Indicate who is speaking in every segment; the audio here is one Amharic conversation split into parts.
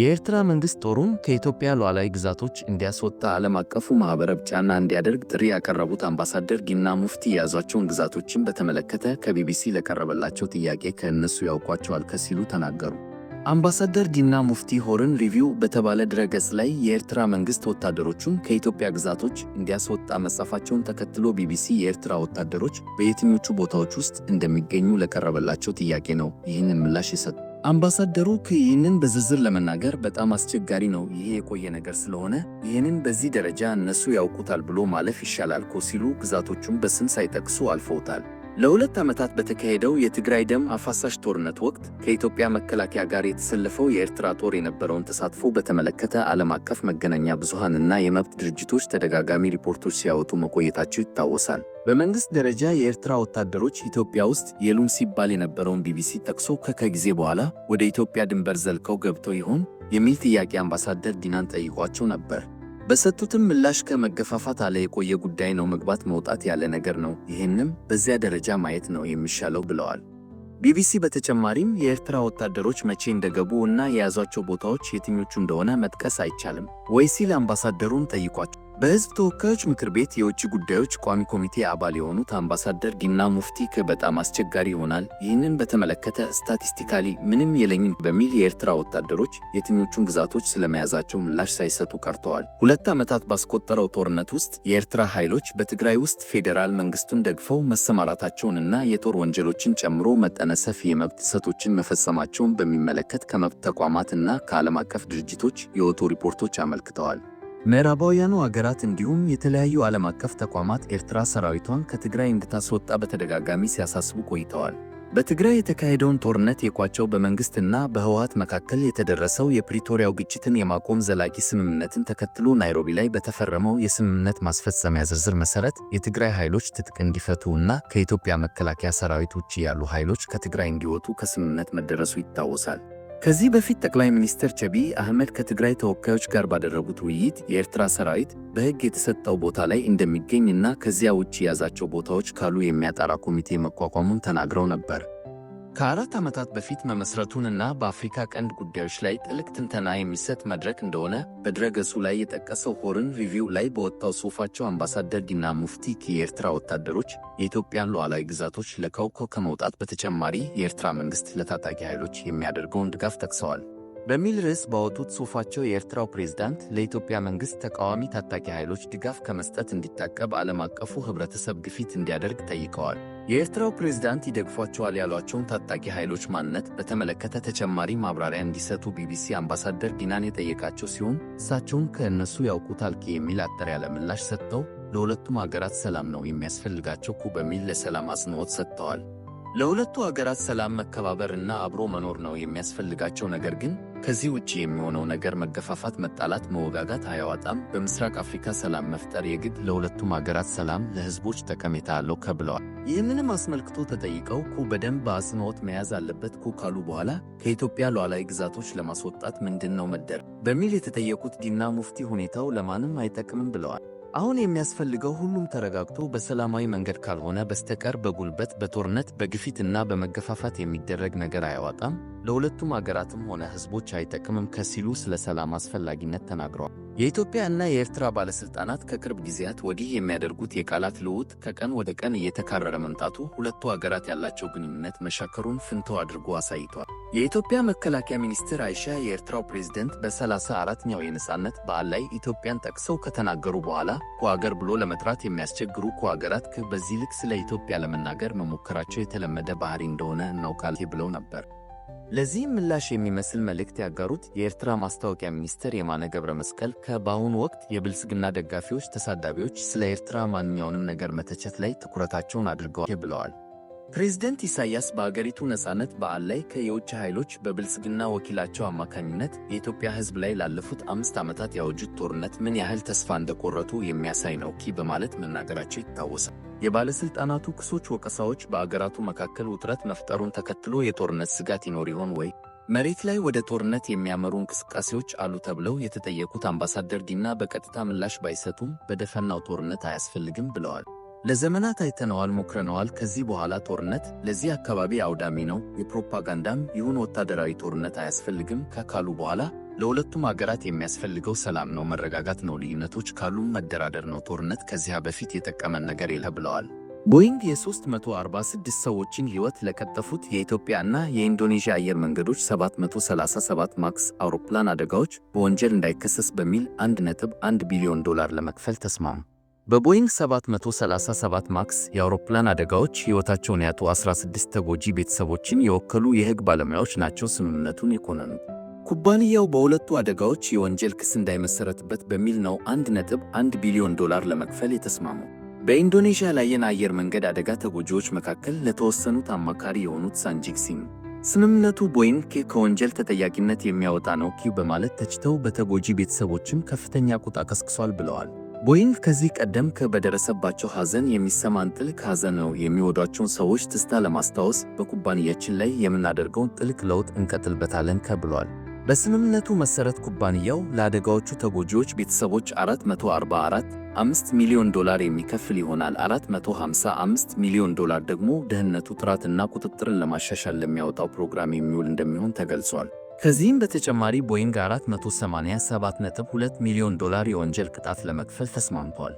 Speaker 1: የኤርትራ መንግስት ጦሩን ከኢትዮጵያ ሉዓላዊ ግዛቶች እንዲያስወጣ ዓለም አቀፉ ማኅበረሰብ ጫና እንዲያደርግ ጥሪ ያቀረቡት አምባሳደር ዲና ሙፍቲ የያዟቸውን ግዛቶችን በተመለከተ ከቢቢሲ ለቀረበላቸው ጥያቄ ከእነሱ ያውቋቸዋል ከሲሉ ተናገሩ። አምባሳደር ዲና ሙፍቲ ሆርን ሪቪው በተባለ ድረገጽ ላይ የኤርትራ መንግስት ወታደሮቹን ከኢትዮጵያ ግዛቶች እንዲያስወጣ መጻፋቸውን ተከትሎ ቢቢሲ የኤርትራ ወታደሮች በየትኞቹ ቦታዎች ውስጥ እንደሚገኙ ለቀረበላቸው ጥያቄ ነው ይህንን ምላሽ የሰጡ አምባሳደሩ ይህንን በዝርዝር ለመናገር በጣም አስቸጋሪ ነው፣ ይሄ የቆየ ነገር ስለሆነ ይህንን በዚህ ደረጃ እነሱ ያውቁታል ብሎ ማለፍ ይሻላል እኮ ሲሉ ግዛቶቹን በስም ሳይጠቅሱ አልፈውታል። ለሁለት ዓመታት በተካሄደው የትግራይ ደም አፋሳሽ ጦርነት ወቅት ከኢትዮጵያ መከላከያ ጋር የተሰለፈው የኤርትራ ጦር የነበረውን ተሳትፎ በተመለከተ ዓለም አቀፍ መገናኛ ብዙሃንና የመብት ድርጅቶች ተደጋጋሚ ሪፖርቶች ሲያወጡ መቆየታቸው ይታወሳል። በመንግሥት ደረጃ የኤርትራ ወታደሮች ኢትዮጵያ ውስጥ የሉም ሲባል የነበረውን ቢቢሲ ጠቅሶ ከከጊዜ በኋላ ወደ ኢትዮጵያ ድንበር ዘልቀው ገብተው ይሆን የሚል ጥያቄ አምባሳደር ዲናን ጠይቋቸው ነበር። በሰጡትም ምላሽ ከመገፋፋት አለ የቆየ ጉዳይ ነው፣ መግባት መውጣት ያለ ነገር ነው፣ ይህንም በዚያ ደረጃ ማየት ነው የሚሻለው ብለዋል። ቢቢሲ በተጨማሪም የኤርትራ ወታደሮች መቼ እንደገቡ እና የያዟቸው ቦታዎች የትኞቹ እንደሆነ መጥቀስ አይቻልም ወይ ሲል አምባሳደሩን ጠይቋቸው በሕዝብ ተወካዮች ምክር ቤት የውጭ ጉዳዮች ቋሚ ኮሚቴ አባል የሆኑት አምባሳደር ዲና ሙፍቲ በጣም አስቸጋሪ ይሆናል፣ ይህንን በተመለከተ ስታቲስቲካሊ ምንም የለኝም በሚል የኤርትራ ወታደሮች የትኞቹን ግዛቶች ስለመያዛቸው ምላሽ ሳይሰጡ ቀርተዋል። ሁለት ዓመታት ባስቆጠረው ጦርነት ውስጥ የኤርትራ ኃይሎች በትግራይ ውስጥ ፌዴራል መንግስቱን ደግፈው መሰማራታቸውንና የጦር ወንጀሎችን ጨምሮ መጠነ ሰፊ የመብት ጥሰቶችን መፈጸማቸውን በሚመለከት ከመብት ተቋማት እና ከዓለም አቀፍ ድርጅቶች የወጡ ሪፖርቶች አመልክተዋል። ምዕራባውያኑ አገራት እንዲሁም የተለያዩ ዓለም አቀፍ ተቋማት ኤርትራ ሰራዊቷን ከትግራይ እንድታስወጣ በተደጋጋሚ ሲያሳስቡ ቆይተዋል። በትግራይ የተካሄደውን ጦርነት የቋጨው በመንግሥትና በህወሓት መካከል የተደረሰው የፕሪቶሪያው ግጭትን የማቆም ዘላቂ ስምምነትን ተከትሎ ናይሮቢ ላይ በተፈረመው የስምምነት ማስፈጸሚያ ዝርዝር መሠረት የትግራይ ኃይሎች ትጥቅ እንዲፈቱ እና ከኢትዮጵያ መከላከያ ሰራዊት ውጭ ያሉ ኃይሎች ከትግራይ እንዲወጡ ከስምምነት መደረሱ ይታወሳል። ከዚህ በፊት ጠቅላይ ሚኒስትር ቸቢ አህመድ ከትግራይ ተወካዮች ጋር ባደረጉት ውይይት የኤርትራ ሰራዊት በሕግ የተሰጠው ቦታ ላይ እንደሚገኝ እና ከዚያ ውጭ የያዛቸው ቦታዎች ካሉ የሚያጣራ ኮሚቴ መቋቋሙን ተናግረው ነበር። ከአራት ዓመታት በፊት መመስረቱንና በአፍሪካ ቀንድ ጉዳዮች ላይ ጥልቅ ትንተና የሚሰጥ መድረክ እንደሆነ በድረገጹ ላይ የጠቀሰው ሆርን ሪቪው ላይ በወጣው ጽሑፋቸው አምባሳደር ዲና ሙፍቲ የኤርትራ ወታደሮች የኢትዮጵያን ሉዓላዊ ግዛቶች ለቀው ከመውጣት በተጨማሪ የኤርትራ መንግሥት ለታጣቂ ኃይሎች የሚያደርገውን ድጋፍ ጠቅሰዋል በሚል ርዕስ ባወጡት ጽሑፋቸው የኤርትራው ፕሬዝዳንት ለኢትዮጵያ መንግሥት ተቃዋሚ ታጣቂ ኃይሎች ድጋፍ ከመስጠት እንዲታቀብ ዓለም አቀፉ ኅብረተሰብ ግፊት እንዲያደርግ ጠይቀዋል። የኤርትራው ፕሬዝዳንት ይደግፏቸዋል ያሏቸውን ታጣቂ ኃይሎች ማንነት በተመለከተ ተጨማሪ ማብራሪያ እንዲሰጡ ቢቢሲ አምባሳደር ዲናን የጠየቃቸው ሲሆን እሳቸውን ከእነሱ ያውቁታል የሚል አጠር ያለ ምላሽ ሰጥተው ለሁለቱም አገራት ሰላም ነው የሚያስፈልጋቸው በሚል ለሰላም አጽንኦት ሰጥተዋል። ለሁለቱ አገራት ሰላም፣ መከባበርና አብሮ መኖር ነው የሚያስፈልጋቸው። ነገር ግን ከዚህ ውጭ የሚሆነው ነገር መገፋፋት፣ መጣላት፣ መወጋጋት አያዋጣም። በምስራቅ አፍሪካ ሰላም መፍጠር የግድ ለሁለቱም አገራት ሰላም ለህዝቦች ጠቀሜታ አለው ከብለዋል። ይህንንም አስመልክቶ ተጠይቀው ኩ በደንብ በአጽንኦት መያዝ አለበት ኩ ካሉ በኋላ ከኢትዮጵያ ሉዓላዊ ግዛቶች ለማስወጣት ምንድን ነው መደረግ በሚል የተጠየቁት ዲና ሙፍቲ ሁኔታው ለማንም አይጠቅምም ብለዋል። አሁን የሚያስፈልገው ሁሉም ተረጋግቶ በሰላማዊ መንገድ ካልሆነ በስተቀር በጉልበት በጦርነት በግፊት እና በመገፋፋት የሚደረግ ነገር አያዋጣም፣ ለሁለቱም አገራትም ሆነ ህዝቦች አይጠቅምም ከሲሉ ስለ ሰላም አስፈላጊነት ተናግረዋል። የኢትዮጵያ እና የኤርትራ ባለሥልጣናት ከቅርብ ጊዜያት ወዲህ የሚያደርጉት የቃላት ልውውጥ ከቀን ወደ ቀን እየተካረረ መምጣቱ ሁለቱ አገራት ያላቸው ግንኙነት መሻከሩን ፍንተው አድርጎ አሳይቷል። የኢትዮጵያ መከላከያ ሚኒስትር አይሻ የኤርትራው ፕሬዝደንት በ34ኛው የነፃነት በዓል ላይ ኢትዮጵያን ጠቅሰው ከተናገሩ በኋላ ከሀገር ብሎ ለመጥራት የሚያስቸግሩ ከሀገራት በዚህ ልክ ስለ ኢትዮጵያ ለመናገር መሞከራቸው የተለመደ ባህሪ እንደሆነ እናውቃል ብለው ነበር። ለዚህም ምላሽ የሚመስል መልእክት ያጋሩት የኤርትራ ማስታወቂያ ሚኒስትር የማነ ገብረ መስቀል ከበአሁኑ ወቅት የብልጽግና ደጋፊዎች፣ ተሳዳቢዎች ስለ ኤርትራ ማንኛውንም ነገር መተቸት ላይ ትኩረታቸውን አድርገዋል ብለዋል። ፕሬዝደንት ኢሳያስ በአገሪቱ ነፃነት በዓል ላይ ከየውጭ ኃይሎች በብልጽግና ወኪላቸው አማካኝነት የኢትዮጵያ ሕዝብ ላይ ላለፉት አምስት ዓመታት ያወጁት ጦርነት ምን ያህል ተስፋ እንደቆረጡ የሚያሳይ ነው ኪ በማለት መናገራቸው ይታወሳል። የባለሥልጣናቱ ክሶች፣ ወቀሳዎች በአገራቱ መካከል ውጥረት መፍጠሩን ተከትሎ የጦርነት ስጋት ይኖር ይሆን ወይ? መሬት ላይ ወደ ጦርነት የሚያመሩ እንቅስቃሴዎች አሉ ተብለው የተጠየቁት አምባሳደር ዲና በቀጥታ ምላሽ ባይሰጡም በደፈናው ጦርነት አያስፈልግም ብለዋል። ለዘመናት አይተነዋል፣ ሞክረነዋል። ከዚህ በኋላ ጦርነት ለዚህ አካባቢ አውዳሚ ነው፣ የፕሮፓጋንዳም ይሁን ወታደራዊ ጦርነት አያስፈልግም ከካሉ በኋላ ለሁለቱም አገራት የሚያስፈልገው ሰላም ነው፣ መረጋጋት ነው፣ ልዩነቶች ካሉም መደራደር ነው። ጦርነት ከዚያ በፊት የጠቀመን ነገር የለ ብለዋል። ቦይንግ የ346 ሰዎችን ሕይወት ለቀጠፉት የኢትዮጵያና የኢንዶኔዥያ አየር መንገዶች 737 ማክስ አውሮፕላን አደጋዎች በወንጀል እንዳይከሰስ በሚል 1.1 ቢሊዮን ዶላር ለመክፈል ተስማሙ። በቦይንግ 737 ማክስ የአውሮፕላን አደጋዎች ሕይወታቸውን ያጡ 16 ተጎጂ ቤተሰቦችን የወከሉ የሕግ ባለሙያዎች ናቸው ስምምነቱን የኮነኑ። ኩባንያው በሁለቱ አደጋዎች የወንጀል ክስ እንዳይመሰረትበት በሚል ነው 1.1 ቢሊዮን ዶላር ለመክፈል የተስማሙ። በኢንዶኔዥያ ላይ አየር መንገድ አደጋ ተጎጂዎች መካከል ለተወሰኑት አማካሪ የሆኑት ሳንጂክ ሲም ስምምነቱ ቦይንግ ኬ ከወንጀል ተጠያቂነት የሚያወጣ ነው ኪው በማለት ተችተው በተጎጂ ቤተሰቦችም ከፍተኛ ቁጣ ቀስቅሷል ብለዋል። ቦይንግ ከዚህ ቀደም በደረሰባቸው ሐዘን የሚሰማን ጥልቅ ሐዘን ነው። የሚወዷቸውን ሰዎች ትስታ ለማስታወስ በኩባንያችን ላይ የምናደርገውን ጥልቅ ለውጥ እንቀጥልበታለን ከብሏል። በስምምነቱ መሠረት ኩባንያው ለአደጋዎቹ ተጎጂዎች ቤተሰቦች 5 ሚሊዮን ዶላር የሚከፍል ይሆናል። 455 ሚሊዮን ዶላር ደግሞ ደህንነቱ ጥራትና ቁጥጥርን ለማሻሻል ለሚያወጣው ፕሮግራም የሚውል እንደሚሆን ተገልጿል። ከዚህም በተጨማሪ ቦይንግ 487.2 ሚሊዮን ዶላር የወንጀል ቅጣት ለመክፈል ተስማምቷል።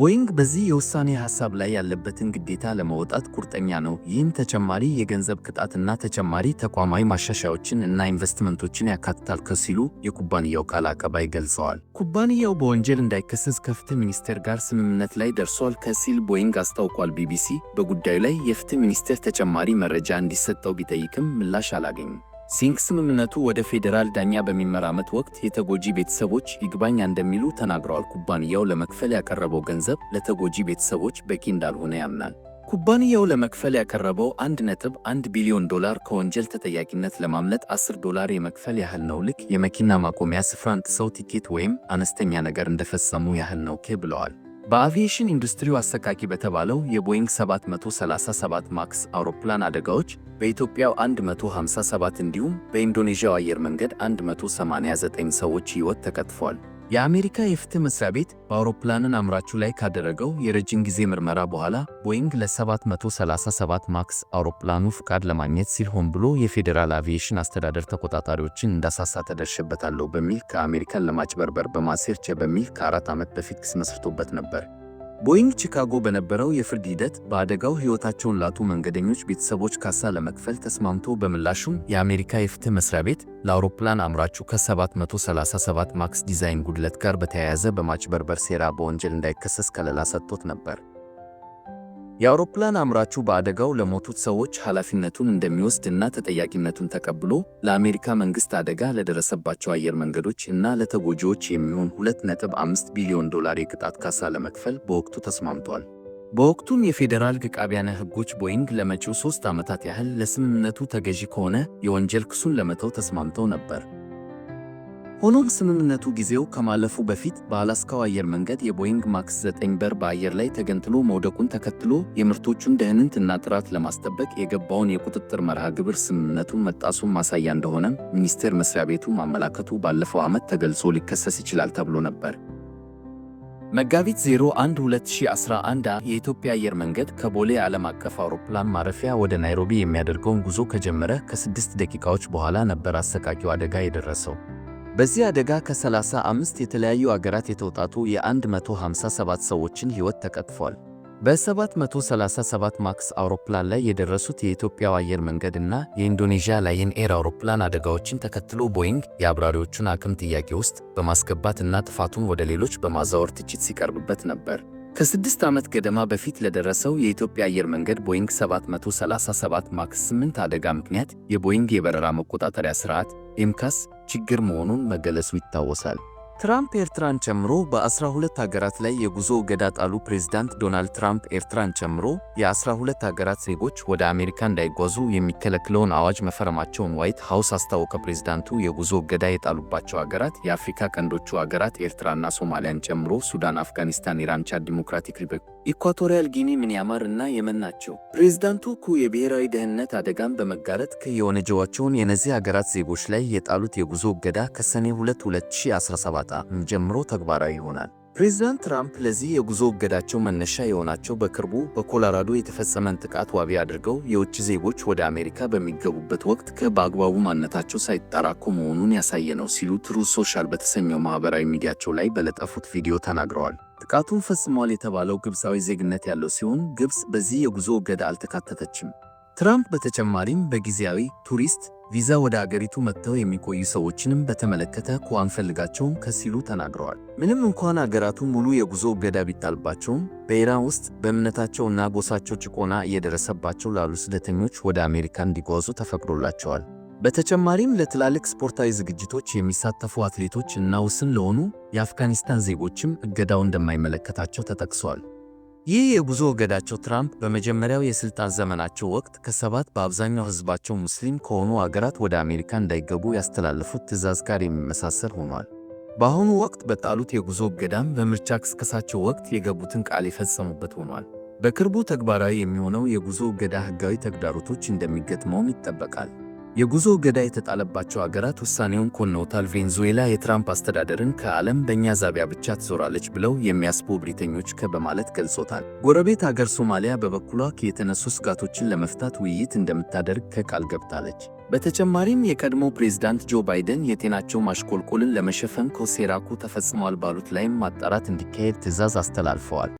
Speaker 1: ቦይንግ በዚህ የውሳኔ ሐሳብ ላይ ያለበትን ግዴታ ለመወጣት ቁርጠኛ ነው። ይህም ተጨማሪ የገንዘብ ቅጣትና ተጨማሪ ተቋማዊ ማሻሻያዎችን እና ኢንቨስትመንቶችን ያካትታል ከሲሉ የኩባንያው ቃል አቀባይ ገልጸዋል። ኩባንያው በወንጀል እንዳይከሰስ ከፍትህ ሚኒስቴር ጋር ስምምነት ላይ ደርሷል ከሲል ቦይንግ አስታውቋል። ቢቢሲ በጉዳዩ ላይ የፍትህ ሚኒስቴር ተጨማሪ መረጃ እንዲሰጠው ቢጠይቅም ምላሽ አላገኝም። ሲንክ ስምምነቱ ወደ ፌዴራል ዳኛ በሚመራመት ወቅት የተጎጂ ቤተሰቦች ይግባኝ እንደሚሉ ተናግረዋል። ኩባንያው ለመክፈል ያቀረበው ገንዘብ ለተጎጂ ቤተሰቦች በቂ እንዳልሆነ ያምናል። ኩባንያው ለመክፈል ያቀረበው 1 ቢሊዮን ዶላር ከወንጀል ተጠያቂነት ለማምለጥ 10 ዶላር የመክፈል ያህል ነው። ልክ የመኪና ማቆሚያ ስፍራን ጥሰው ቲኬት ወይም አነስተኛ ነገር እንደፈጸሙ ያህል ነው ብለዋል። በአቪዬሽን ኢንዱስትሪው አሰቃቂ በተባለው የቦይንግ 737 ማክስ አውሮፕላን አደጋዎች በኢትዮጵያው 157 እንዲሁም በኢንዶኔዥያው አየር መንገድ 189 ሰዎች ሕይወት ተቀጥፏል። የአሜሪካ የፍትህ መስሪያ ቤት በአውሮፕላንን አምራቹ ላይ ካደረገው የረጅም ጊዜ ምርመራ በኋላ ቦይንግ ለ737 ማክስ አውሮፕላኑ ፍቃድ ለማግኘት ሲል ሆን ብሎ የፌዴራል አቪዬሽን አስተዳደር ተቆጣጣሪዎችን እንዳሳሳ ተደርሸበታለሁ በሚል ከአሜሪካን ለማጭበርበር በማሴርቸ በሚል ከአራት ዓመት በፊት ክስ መስርቶበት ነበር። ቦይንግ ቺካጎ በነበረው የፍርድ ሂደት በአደጋው ሕይወታቸውን ላጡ መንገደኞች ቤተሰቦች ካሳ ለመክፈል ተስማምቶ በምላሹም የአሜሪካ የፍትህ መስሪያ ቤት ለአውሮፕላን አምራቹ ከ737 ማክስ ዲዛይን ጉድለት ጋር በተያያዘ በማጭበርበር ሴራ በወንጀል እንዳይከሰስ ከለላ ሰጥቶት ነበር። የአውሮፕላን አምራቹ በአደጋው ለሞቱት ሰዎች ኃላፊነቱን እንደሚወስድ እና ተጠያቂነቱን ተቀብሎ ለአሜሪካ መንግሥት አደጋ ለደረሰባቸው አየር መንገዶች እና ለተጎጂዎች የሚሆን 2.5 ቢሊዮን ዶላር የቅጣት ካሳ ለመክፈል በወቅቱ ተስማምቷል። በወቅቱም የፌዴራል አቃቢያነ ሕጎች ቦይንግ ለመጪው ሦስት ዓመታት ያህል ለስምምነቱ ተገዢ ከሆነ የወንጀል ክሱን ለመተው ተስማምተው ነበር። ሆኖም ስምምነቱ ጊዜው ከማለፉ በፊት በአላስካው አየር መንገድ የቦይንግ ማክስ 9 በር በአየር ላይ ተገንትሎ መውደቁን ተከትሎ የምርቶቹን ደህንነት እና ጥራት ለማስጠበቅ የገባውን የቁጥጥር መርሃ ግብር ስምምነቱን መጣሱን ማሳያ እንደሆነ ሚኒስቴር መስሪያ ቤቱ ማመላከቱ ባለፈው ዓመት ተገልጾ ሊከሰስ ይችላል ተብሎ ነበር። መጋቢት 01 2011 የኢትዮጵያ አየር መንገድ ከቦሌ ዓለም አቀፍ አውሮፕላን ማረፊያ ወደ ናይሮቢ የሚያደርገውን ጉዞ ከጀመረ ከስድስት ደቂቃዎች በኋላ ነበር አሰቃቂው አደጋ የደረሰው። በዚህ አደጋ ከ35 የተለያዩ አገራት የተውጣጡ የ157 ሰዎችን ሕይወት ተቀጥፏል። በ737 ማክስ አውሮፕላን ላይ የደረሱት የኢትዮጵያው አየር መንገድ እና የኢንዶኔዥያ ላየን ኤር አውሮፕላን አደጋዎችን ተከትሎ ቦይንግ የአብራሪዎቹን አቅም ጥያቄ ውስጥ በማስገባት እና ጥፋቱን ወደ ሌሎች በማዛወር ትችት ሲቀርብበት ነበር። ከስድስት ዓመት ገደማ በፊት ለደረሰው የኢትዮጵያ አየር መንገድ ቦይንግ 737 ማክስ 8 አደጋ ምክንያት የቦይንግ የበረራ መቆጣጠሪያ ስርዓት ኤምካስ ችግር መሆኑን መገለጹ ይታወሳል። ትራምፕ ኤርትራን ጨምሮ በአስራ ሁለት ሀገራት ላይ የጉዞ እገዳ ጣሉ። ፕሬዚዳንት ዶናልድ ትራምፕ ኤርትራን ጨምሮ የአስራ ሁለት ሀገራት ዜጎች ወደ አሜሪካ እንዳይጓዙ የሚከለክለውን አዋጅ መፈረማቸውን ዋይት ሀውስ አስታወቀ። ፕሬዚዳንቱ የጉዞ እገዳ የጣሉባቸው ሀገራት የአፍሪካ ቀንዶቹ ሀገራት ኤርትራና ሶማሊያን ጨምሮ ሱዳን፣ አፍጋኒስታን፣ ኢራን፣ ቻድ፣ ዲሞክራቲክ ሪፐብሊክ ኢኳቶሪያል ጊኒ ምን ያማር እና የመን ናቸው። ፕሬዝዳንቱ ኩ የብሔራዊ ደህንነት አደጋን በመጋለጥ ከየወነጀዋቸውን የነዚህ የእነዚህ ሀገራት ዜጎች ላይ የጣሉት የጉዞ እገዳ ከሰኔ 2 2017 ዓ.ም ጀምሮ ተግባራዊ ይሆናል። ፕሬዚዳንት ትራምፕ ለዚህ የጉዞ እገዳቸው መነሻ የሆናቸው በቅርቡ በኮሎራዶ የተፈጸመን ጥቃት ዋቢ አድርገው የውጭ ዜጎች ወደ አሜሪካ በሚገቡበት ወቅት በአግባቡ ማንነታቸው ሳይጠራኩ መሆኑን ያሳየ ነው ሲሉ ትሩ ሶሻል በተሰኘው ማኅበራዊ ሚዲያቸው ላይ በለጠፉት ቪዲዮ ተናግረዋል። ጥቃቱን ፈጽሟል የተባለው ግብፃዊ ዜግነት ያለው ሲሆን ግብፅ በዚህ የጉዞ እገዳ አልተካተተችም። ትራምፕ በተጨማሪም በጊዜያዊ ቱሪስት ቪዛ ወደ አገሪቱ መጥተው የሚቆዩ ሰዎችንም በተመለከተ እኮ አንፈልጋቸውም ከሲሉ ተናግረዋል። ምንም እንኳን አገራቱ ሙሉ የጉዞ እገዳ ቢጣልባቸውም በኢራን ውስጥ በእምነታቸውና ጎሳቸው ጭቆና እየደረሰባቸው ላሉ ስደተኞች ወደ አሜሪካ እንዲጓዙ ተፈቅዶላቸዋል። በተጨማሪም ለትላልቅ ስፖርታዊ ዝግጅቶች የሚሳተፉ አትሌቶች እና ውስን ለሆኑ የአፍጋኒስታን ዜጎችም እገዳው እንደማይመለከታቸው ተጠቅሷል። ይህ የጉዞ እገዳቸው ትራምፕ በመጀመሪያው የሥልጣን ዘመናቸው ወቅት ከሰባት በአብዛኛው ሕዝባቸው ሙስሊም ከሆኑ አገራት ወደ አሜሪካ እንዳይገቡ ያስተላለፉት ትዕዛዝ ጋር የሚመሳሰል ሆኗል። በአሁኑ ወቅት በጣሉት የጉዞ እገዳም በምርጫ ቅስቀሳቸው ወቅት የገቡትን ቃል የፈጸሙበት ሆኗል። በቅርቡ ተግባራዊ የሚሆነው የጉዞ እገዳ ህጋዊ ተግዳሮቶች እንደሚገጥመውም ይጠበቃል። የጉዞ እገዳ የተጣለባቸው አገራት ውሳኔውን ኮንነውታል። ቬንዙዌላ የትራምፕ አስተዳደርን ከዓለም በእኛ ዛቢያ ብቻ ትዞራለች ብለው የሚያስቡ ብሪተኞች ከ በማለት ገልጾታል። ጎረቤት አገር ሶማሊያ በበኩሏ የተነሱ ስጋቶችን ለመፍታት ውይይት እንደምታደርግ ከቃል ገብታለች። በተጨማሪም የቀድሞ ፕሬዝዳንት ጆ ባይደን የጤናቸው ማሽቆልቆልን ለመሸፈን ኮሴራኩ ተፈጽመዋል ባሉት ላይም ማጣራት እንዲካሄድ ትዕዛዝ አስተላልፈዋል።